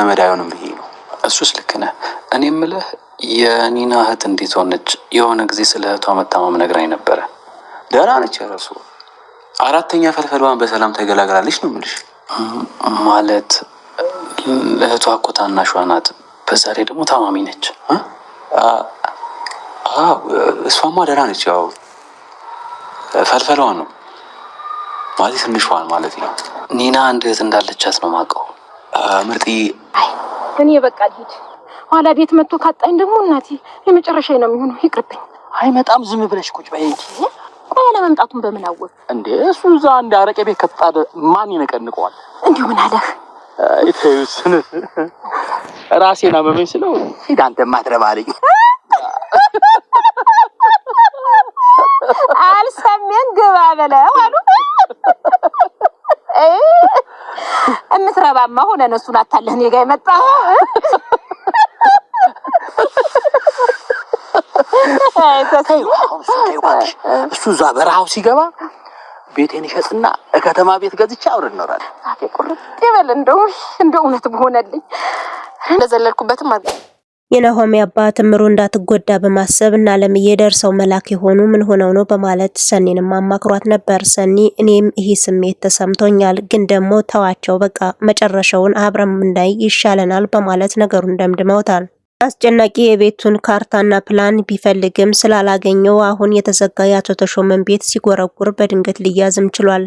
ዘመድ አይሆንም። ይሄ ነው እሱስ ልክ ነህ። እኔ ምልህ የኒና እህት እንዴት ሆነች? የሆነ ጊዜ ስለ እህቷ መታመም ነግራኝ ነበረ። ደህና ነች? ረሱ አራተኛ ፈልፈልዋን በሰላም ተገላግላለች ነው ምልሽ። ማለት እህቷ እኮ ታናሿ ናት። በዛ ላይ ደግሞ ታማሚ ነች። እሷማ ደህና ነች። ያው ፈልፈልዋ ነው ማለት ትንሿን ማለት ነው። ኒና አንድ እህት እንዳለቻት ነው የማውቀው። ምርጥ እኔ በቃ ልሂድ። ኋላ ቤት መጥቶ ካጣኝ ደግሞ እናቴ የመጨረሻ ነው የሚሆነው። ይቅርብኝ። አይመጣም። ዝም ብለሽ ቁጭ በይ እንጂ። ቆይ አለመምጣቱን በምን አወቅ እንዴ? እሱ እዛ እንደ አረቄ ቤት ከተጣደ ማን ይነቀንቀዋል? እንዲሁ ምን አለህ? ይተዩስን ራሴን አመመኝ ስለው ሂድ አንተ ማትረባ አለኝ። አልሰሜን ግባ በለው አሉ ጠባማ ሆነ ነው እሱን አታለህ እኔ ጋር የመጣ እሱ እዛ በረሃው ሲገባ ቤቴን ይሸጥና ከተማ ቤት ገዝቼ አብረን እንኖራለን። ቁርጥ ይበል እንደው እንደው እውነት በሆነልኝ እንደዘለልኩበትም የናሆሚ አባት እምሩ እንዳትጎዳ በማሰብ እና ለምዬ ደርሰው መላክ የሆኑ ምን ሆነው ነው በማለት ሰኒንም አማክሯት ነበር። ሰኒ እኔም ይህ ስሜት ተሰምቶኛል፣ ግን ደግሞ ተዋቸው በቃ መጨረሻውን አብረን እንዳይ ይሻለናል በማለት ነገሩን ደምድመውታል። አስጨናቂ የቤቱን ካርታና ፕላን ቢፈልግም ስላላገኘው አሁን የተዘጋ የአቶ ተሾመን ቤት ሲጎረጉር በድንገት ሊያዝም ችሏል።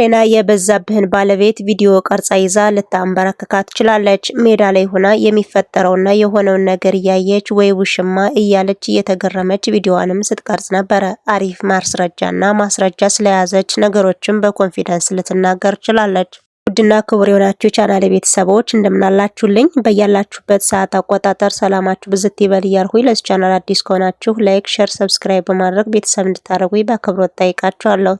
ሌና የበዛብህን ባለቤት ቪዲዮ ቀርጻ ይዛ ልታንበረክካ ትችላለች። ሜዳ ላይ ሆና የሚፈጠረውና የሆነውን ነገር እያየች ወይ ውሽማ እያለች እየተገረመች ቪዲዮዋንም ስትቀርጽ ነበረ። አሪፍ ማስረጃና ማስረጃ ስለያዘች ነገሮችን በኮንፊደንስ ልትናገር ችላለች። ውድና ክቡር የሆናችሁ የቻናል ቤተሰቦች እንደምናላችሁልኝ በያላችሁበት ሰዓት አቆጣጠር ሰላማችሁ ብዝት ይበል እያልኩኝ ለዚ ቻናል አዲስ ከሆናችሁ ላይክ፣ ሸር፣ ሰብስክራይብ በማድረግ ቤተሰብ እንድታደርጉኝ በአክብሮት ጠይቃችኋለሁ።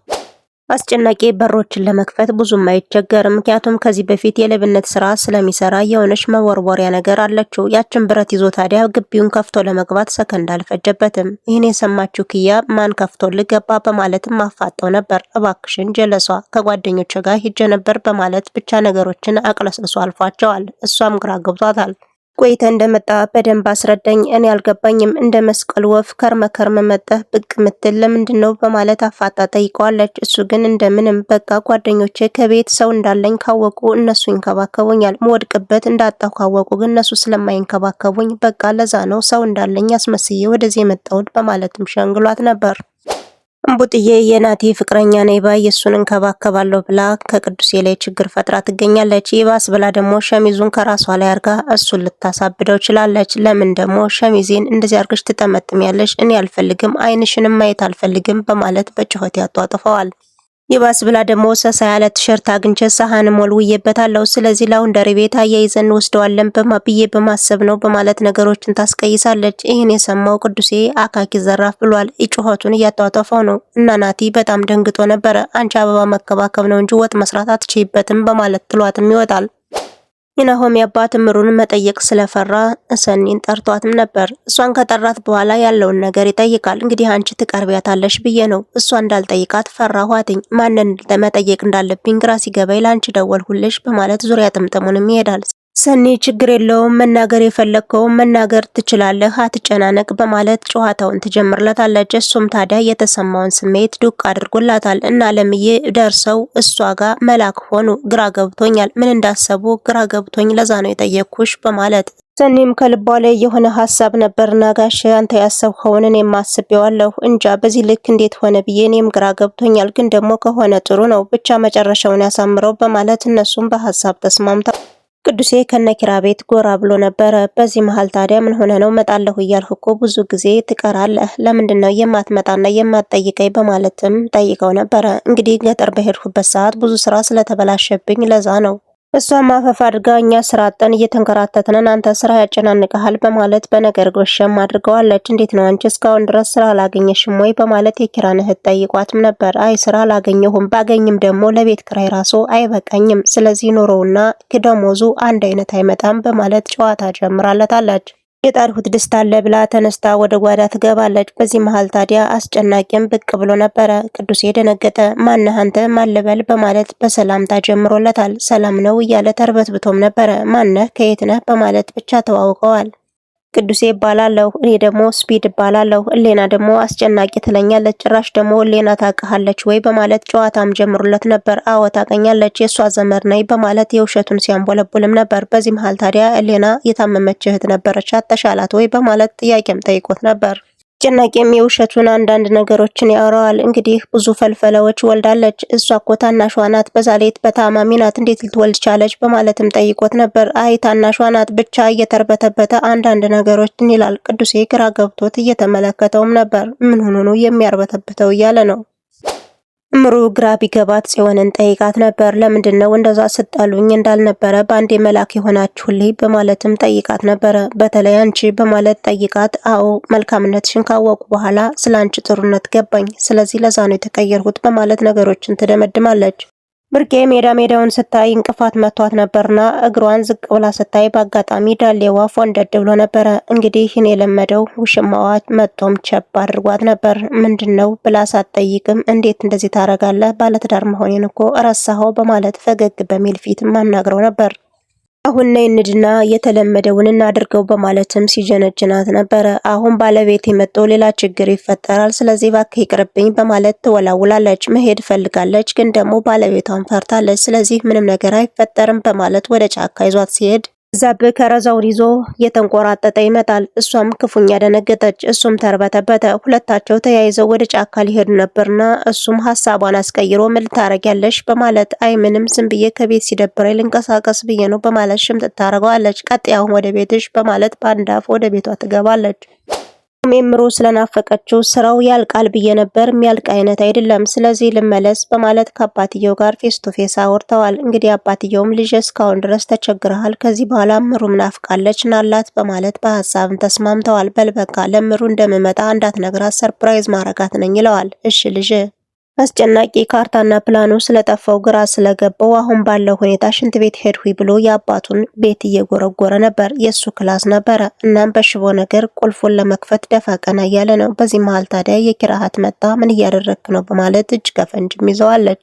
አስጨናቂ በሮችን ለመክፈት ብዙም አይቸገር ምክንያቱም ከዚህ በፊት የሌብነት ስራ ስለሚሰራ የሆነች መወርወሪያ ነገር አለችው። ያችን ብረት ይዞ ታዲያ ግቢውን ከፍቶ ለመግባት ሰከንድ አልፈጀበትም። ይህን የሰማችው ክያ ማን ከፍቶ ልገባ በማለት ማፋጠው ነበር። እባክሽን ጀለሷ ከጓደኞች ጋር ሂጀ ነበር በማለት ብቻ ነገሮችን አቅለስልሶ አልፏቸዋል። እሷም ግራ ገብቷታል። ቆይተ እንደመጣ በደንብ አስረዳኝ። እኔ አልገባኝም። እንደ መስቀል ወፍ ከርመ ከርመ መጠህ ብቅ ምትል ለምንድን ነው? በማለት አፋጣ ጠይቀዋለች። እሱ ግን እንደምንም በቃ ጓደኞቼ ከቤት ሰው እንዳለኝ ካወቁ እነሱ ይንከባከቡኛል፣ መወድቅበት እንዳጣው ካወቁ ግን እነሱ ስለማይንከባከቡኝ በቃ ለዛ ነው ሰው እንዳለኝ አስመስዬ ወደዚህ የመጣሁት በማለትም ሸንግሏት ነበር። እምቡጥዬ የናቲ ፍቅረኛ ነኝ ባይ የእሱን እንከባከባለሁ ብላ ከቅዱሴ ላይ ችግር ፈጥራ ትገኛለች። ይባስ ብላ ደግሞ ሸሚዙን ከራሷ ላይ አርጋ እሱን ልታሳብደው ችላለች። ለምን ደግሞ ሸሚዜን እንደዚህ አርገሽ ትጠመጥሚያለሽ? እኔ አልፈልግም፣ አይንሽንም ማየት አልፈልግም በማለት በጭሆት ያጧጥፈዋል። ይባስ ብላ ደግሞ ሰሳ ያለ ቲሸርት አግኝቼ ሰሃን ሞልውዬበታለሁ። ስለዚህ ላውንደሪ ቤት አያይዘን ወስደዋለን ብዬ በማሰብ ነው በማለት ነገሮችን ታስቀይሳለች። ይህን የሰማው ቅዱሴ አካኪ ዘራፍ ብሏል። ጩኸቱን እያጧጧፈው ነው እና ናቲ በጣም ደንግጦ ነበረ። አንቺ አበባ መከባከብ ነው እንጂ ወጥ መስራት አትችይበትም በማለት ትሏትም ይወጣል። የናሆሚ አባት እምሩን መጠየቅ ስለፈራ ሰኒን ጠርቷትም ነበር። እሷን ከጠራት በኋላ ያለውን ነገር ይጠይቃል። እንግዲህ አንቺ ትቀርቢያታለሽ ብዬ ነው እሷ እንዳልጠይቃት ፈራኋትኝ። ማንን መጠየቅ እንዳለብኝ ግራ ሲገባኝ ለአንቺ ደወልሁልሽ በማለት ዙሪያ ጥምጥሙንም ይሄዳል። ሰኒ ችግር የለውም መናገር የፈለግከውም መናገር ትችላለህ፣ አትጨናነቅ በማለት ጨዋታውን ትጀምርለታለች። እሱም ታዲያ የተሰማውን ስሜት ዱቅ አድርጎላታል እና ለምዬ ደርሰው እሷ ጋር መላክ ሆኑ። ግራ ገብቶኛል፣ ምን እንዳሰቡ ግራ ገብቶኝ ለዛ ነው የጠየኩሽ በማለት ሰኒም ከልቧ ላይ የሆነ ሀሳብ ነበር። ናጋሽ አንተ ያሰብኸውን እኔም አስቤዋለሁ፣ እንጃ በዚህ ልክ እንዴት ሆነ ብዬ እኔም ግራ ገብቶኛል፣ ግን ደግሞ ከሆነ ጥሩ ነው፣ ብቻ መጨረሻውን ያሳምረው በማለት እነሱም በሀሳብ ተስማምታ ቅዱሴ ከነኪራ ቤት ጎራ ብሎ ነበረ። በዚህ መሀል ታዲያ ምን ሆነ ነው መጣለሁ እያልህ እኮ ብዙ ጊዜ ትቀራለህ፣ ለምንድን ነው የማትመጣና የማትጠይቀኝ በማለትም ጠይቀው ነበረ። እንግዲህ ገጠር በሄድኩበት ሰዓት ብዙ ስራ ስለተበላሸብኝ ለዛ ነው እሷም አፈፍ አድርጋ እኛ ስራ አጠን እየተንከራተትነን አንተ ስራ ያጨናንቀሃል በማለት በነገር ጎሸም አድርገዋለች። እንዴት ነው አንቺ እስካሁን ድረስ ስራ አላገኘሽም ወይ በማለት የኪራን እህት ጠይቋትም ነበር። አይ ስራ አላገኘሁም፣ ባገኝም ደግሞ ለቤት ክራይ ራሱ አይበቃኝም። ስለዚህ ኑሮውና ደሞዙ አንድ አይነት አይመጣም በማለት ጨዋታ ጀምራለታለች። የጣልሁት ድስት አለ ብላ ተነስታ ወደ ጓዳ ትገባለች። በዚህ መሀል ታዲያ አስጨናቂም ብቅ ብሎ ነበረ። ቅዱሴ ደነገጠ። ማነህ አንተ በማለት በሰላምታ ጀምሮለታል። ሰላም ነው እያለ ተርበትብቶም ነበረ። ማነህ ከየት ነህ በማለት ብቻ ተዋውቀዋል። ቅዱሴ ይባላለሁ። እኔ ደግሞ ስፒድ እባላለሁ እሌና ደግሞ አስጨናቂ ትለኛለች። ጭራሽ ደግሞ እሌና ታውቅሃለች ወይ በማለት ጨዋታም ጀምሩለት ነበር። አዎ ታውቀኛለች፣ የእሷ ዘመድ ነኝ በማለት የውሸቱን ሲያንቦለቡልም ነበር። በዚህ መሀል ታዲያ እሌና የታመመች እህት ነበረቻት፣ ወይ በማለት ጥያቄም ጠይቆት ነበር። ሲጨነቅም የውሸቱን አንዳንድ ነገሮችን ያወራዋል። እንግዲህ ብዙ ፈልፈለዎች ወልዳለች፣ እሷ እኮ ታናሿ ናት፣ በዛ ላይ በታማሚ ናት፣ እንዴት ልትወልድ ቻለች? በማለትም ጠይቆት ነበር። አይ ታናሿ ናት ብቻ እየተርበተበተ አንዳንድ ነገሮችን ይላል። ቅዱሴ ግራ ገብቶት እየተመለከተውም ነበር። ምን ሆኖ ነው የሚያርበተብተው እያለ ነው ምሩ ግራ ቢገባት ጽዮንን ጠይቃት ነበር። ለምንድን ነው እንደዛ ስጣሉኝ እንዳልነበረ በአንዴ መላክ የሆናችሁልኝ? በማለትም ጠይቃት ነበረ። በተለይ አንቺ በማለት ጠይቃት። አዎ መልካምነትሽን ካወቁ በኋላ ስለ አንቺ ጥሩነት ገባኝ። ስለዚህ ለዛ ነው የተቀየርሁት በማለት ነገሮችን ትደመድማለች። ብርቄ ሜዳ ሜዳውን ስታይ እንቅፋት መቷት ነበርና እግሯን ዝቅ ብላ ስታይ በአጋጣሚ ዳሌዋ ፎንደድ ብሎ ነበረ። እንግዲህ እኔ የለመደው ውሽማዋ መጥቶም ቸብ አድርጓት ነበር። ምንድን ነው ብላ ሳትጠይቅም እንዴት እንደዚህ ታረጋለህ? ባለትዳር መሆኔን እኮ ረሳኸው በማለት ፈገግ በሚል ፊት ማናግረው ነበር። አሁን ነይ እንድና የተለመደውን እናድርገው በማለትም ሲጀነጅናት ነበረ። አሁን ባለቤት መጥቶ ሌላ ችግር ይፈጠራል፣ ስለዚህ እባክህ ይቅርብኝ በማለት ትወላውላለች። መሄድ ፈልጋለች፣ ግን ደግሞ ባለቤቷን ፈርታለች። ስለዚህ ምንም ነገር አይፈጠርም በማለት ወደ ጫካ ይዟት ሲሄድ ዛብ ከረዛውን ይዞ የተንቆራጠጠ ይመጣል። እሷም ክፉኛ ደነገጠች፣ እሱም ተርበተበተ። ሁለታቸው ተያይዘው ወደ ጫካ ሊሄዱ ነበርና እሱም ሀሳቧን አስቀይሮ ምን ልታረጊያለሽ በማለት አይ ምንም ዝም ብዬ ከቤት ሲደብረኝ ልንቀሳቀስ ብዬ ነው በማለት ሽምጥ ታረገዋለች። ቀጥያውን ወደ ቤትሽ በማለት በአንድ አፍ ወደ ቤቷ ትገባለች። ሜምሮ ስለናፈቀችው ስራው ያልቃል ብዬ ነበር፣ የሚያልቅ አይነት አይደለም፣ ስለዚህ ልመለስ በማለት ከአባትየው ጋር ፌስ ቱ ፌስ አውርተዋል። እንግዲህ አባትየውም ልጅ እስካሁን ድረስ ተቸግረሃል፣ ከዚህ በኋላ ምሩ ምናፍቃለች ናላት በማለት በሀሳብም ተስማምተዋል። በልበቃ ለምሩ እንደምመጣ እንዳትነግራት ሰርፕራይዝ ማረጋት ነኝ ይለዋል። እሺ ልጅ አስጨናቂ ካርታና ፕላኑ ስለጠፋው ግራ ስለገባው አሁን ባለው ሁኔታ ሽንት ቤት ሄድሁ ብሎ የአባቱን ቤት እየጎረጎረ ነበር። የእሱ ክላስ ነበረ። እናም በሽቦ ነገር ቁልፉን ለመክፈት ደፋ ቀና እያለ ነው። በዚህ መሀል ታዲያ የኪራሃት መጣ። ምን እያደረግክ ነው በማለት እጅ ከፈንጅም ይዘዋለች።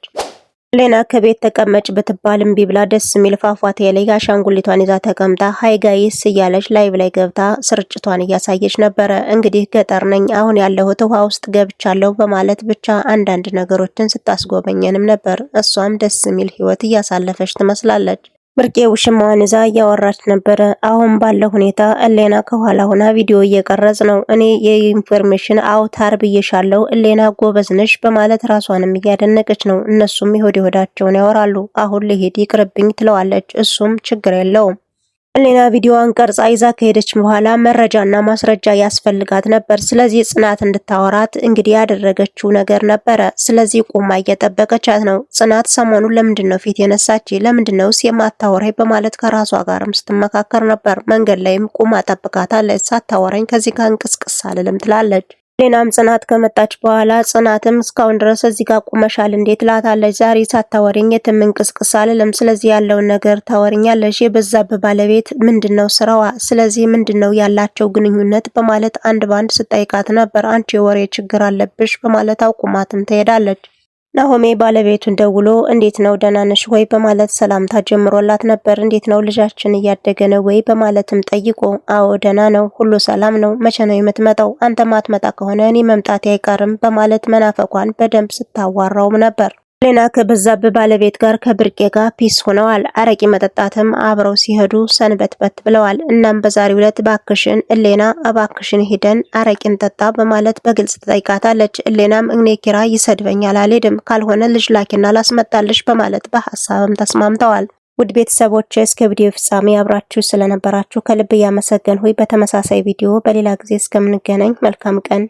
ሌና ከቤት ተቀመጭ ብትባል እምቢ ብላ ደስ የሚል ፏፏቴ ላይ አሻንጉሊቷን ይዛ ተቀምጣ ሀይ ጋይስ እያለች ላይቭ ላይ ገብታ ስርጭቷን እያሳየች ነበረ። እንግዲህ ገጠር ነኝ አሁን ያለሁት ውሃ ውስጥ ገብቻለሁ በማለት ብቻ አንዳንድ ነገሮችን ስታስጎበኘንም ነበር። እሷም ደስ የሚል ህይወት እያሳለፈች ትመስላለች። ብርቄ ውሽማዋን ይዛ እያወራች ነበረ። አሁን ባለው ሁኔታ እሌና ከኋላ ሆና ቪዲዮ እየቀረጽ ነው። እኔ የኢንፎርሜሽን አውታር ብዬሻለሁ፣ እሌና ጎበዝ ነሽ በማለት ራሷንም እያደነቀች ነው። እነሱም የሆድ የሆዳቸውን ያወራሉ። አሁን ልሄድ ይቅርብኝ ትለዋለች። እሱም ችግር የለውም ህሊና ቪዲዮዋን ቀርጻ ይዛ ከሄደች በኋላ መረጃና ማስረጃ ያስፈልጋት ነበር። ስለዚህ ጽናት እንድታወራት እንግዲህ ያደረገችው ነገር ነበረ። ስለዚህ ቁማ እየጠበቀቻት ነው። ጽናት ሰሞኑን ለምንድን ነው ፊት የነሳች ለምንድን ነውስ የማታወራኝ በማለት ከራሷ ጋርም ስትመካከር ነበር። መንገድ ላይም ቁማ ጠብቃታለች። ሳታወራኝ ከዚህ ጋር እንቅስቅስ አልልም ትላለች። ሌናም ጽናት ከመጣች በኋላ ጽናትም እስካሁን ድረስ እዚህ ጋር ቁመሻል እንዴት ላታለች። ዛሬ ሳታወሪኝ የትም እንቅስቅስ አልልም። ስለዚህ ያለውን ነገር ታወሪኛለሽ። የበዛብህ ባለቤት ምንድን ነው ስራዋ? ስለዚህ ምንድን ነው ያላቸው ግንኙነት? በማለት አንድ ባንድ ስጠይቃት ነበር። አንቺ የወሬ ችግር አለብሽ በማለት አውቁማትም ትሄዳለች። ናሆሜ ባለቤቱን ደውሎ እንዴት ነው ደህና ነሽ ወይ በማለት ሰላምታ ጀምሮላት ነበር። እንዴት ነው ልጃችን እያደገ ነው ወይ በማለትም ጠይቆ፣ አዎ ደህና ነው፣ ሁሉ ሰላም ነው፣ መቼ ነው የምትመጣው? አንተ ማትመጣ ከሆነ እኔ መምጣቴ አይቀርም በማለት መናፈቋን በደንብ ስታዋራውም ነበር። ሌና ከበዛብ ባለቤት ጋር ከብርቄ ጋር ፒስ ሆነዋል። አረቂ መጠጣትም አብረው ሲሄዱ ሰንበትበት ብለዋል። እናም በዛሬው ዕለት እባክሽን እሌና እባክሽን ሂደን አረቂን ጠጣ በማለት በግልጽ ትጠይቃታለች። እሌናም እኔ ኪራ ይሰድበኛል አልሄድም፣ ካልሆነ ልጅ ላኪና ላስመጣልሽ በማለት በሀሳብም ተስማምተዋል። ውድ ቤተሰቦች እስከ ቪዲዮ ፍጻሜ አብራችሁ ስለነበራችሁ ከልብ ሆይ በተመሳሳይ ቪዲዮ በሌላ ጊዜ እስከምንገናኝ መልካም ቀን